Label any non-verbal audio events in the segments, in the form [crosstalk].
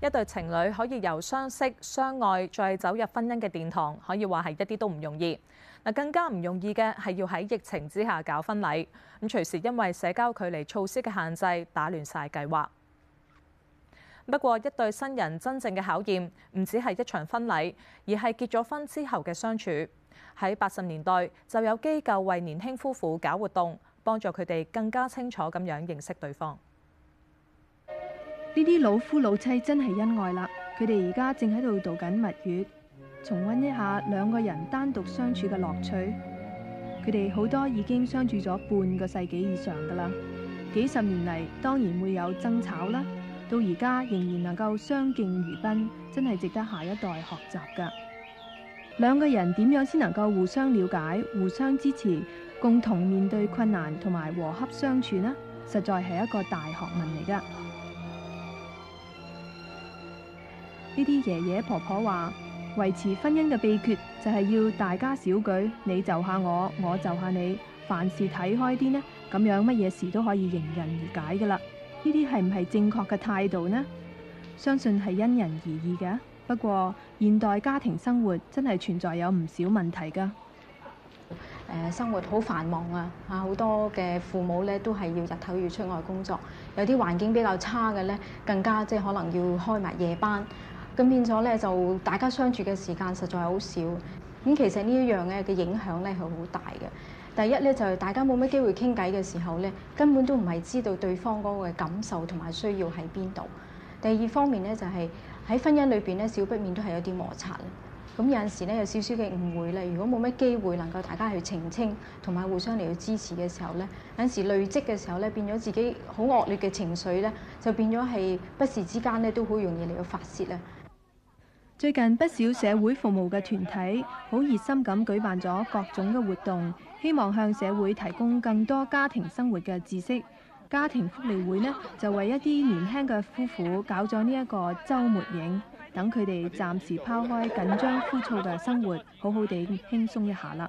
一對情侶可以由相識、相愛再走入婚姻嘅殿堂，可以話係一啲都唔容易。嗱，更加唔容易嘅係要喺疫情之下搞婚禮，咁隨時因為社交距離措施嘅限制打亂晒計劃。不過，一對新人真正嘅考驗唔止係一場婚禮，而係結咗婚之後嘅相處。喺八十年代，就有機構為年輕夫婦搞活動，幫助佢哋更加清楚咁樣認識對方。呢啲老夫老妻真係恩愛啦，佢哋而家正喺度度緊蜜月，重溫一下兩個人單獨相處嘅樂趣。佢哋好多已經相處咗半個世紀以上噶啦，幾十年嚟當然會有爭吵啦，到而家仍然能夠相敬如賓，真係值得下一代學習噶。兩個人點樣先能夠互相了解、互相支持、共同面對困難同埋和洽相處呢？實在係一個大學問嚟噶。呢啲爺爺婆婆話，維持婚姻嘅秘訣就係要大家小舉，你就下我，我就下你，凡事睇開啲呢，咁樣乜嘢事都可以迎刃而解噶啦。呢啲係唔係正確嘅態度呢？相信係因人而異嘅。不過現代家庭生活真係存在有唔少問題㗎。生活好繁忙啊！啊，好多嘅父母咧都係要日頭要出外工作，有啲環境比較差嘅咧，更加即係可能要開埋夜班。咁變咗咧，就大家相處嘅時間實在係好少。咁其實呢一樣咧嘅影響咧係好大嘅。第一咧就係大家冇乜機會傾偈嘅時候咧，根本都唔係知道對方嗰個感受同埋需要喺邊度。第二方面咧就係喺婚姻裏邊咧，少不免都係有啲摩擦。咁有陣時咧有少少嘅誤會啦。如果冇乜機會能夠大家去澄清同埋互相嚟到支持嘅時候咧，有陣時累積嘅時候咧，變咗自己好惡劣嘅情緒咧，就變咗係不時之間咧都好容易嚟到發泄啦。最近不少社會服務嘅團體好熱心咁舉辦咗各種嘅活動，希望向社會提供更多家庭生活嘅知識。家庭福利會呢就為一啲年輕嘅夫婦搞咗呢一個週末營，等佢哋暫時拋開緊張枯燥嘅生活，好好地輕鬆一下啦。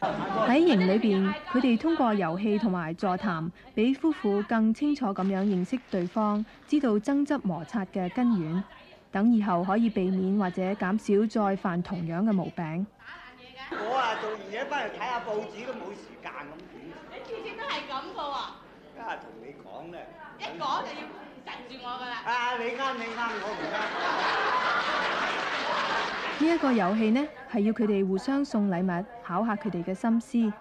喺營裏邊，佢哋通過遊戲同埋座談，俾夫婦更清楚咁樣認識對方，知道爭執摩擦嘅根源，等以後可以避免或者減少再犯同樣嘅毛病。我啊做完嘢翻嚟睇下報紙都冇時間咁點。你次次都係咁噶喎。家下同你講咧，一講就要窒住我噶啦。啊，你啱，你啱，我唔啱。呢一個遊戲 [laughs] 呢，係要佢哋互相送禮物。考下佢哋嘅心思。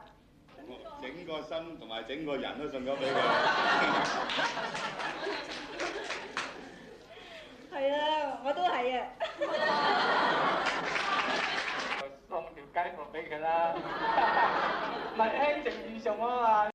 整個心同埋整個人都送咗俾佢。係啊，我都係啊。送條雞毛俾佢啦，物輕靜如什麼啊？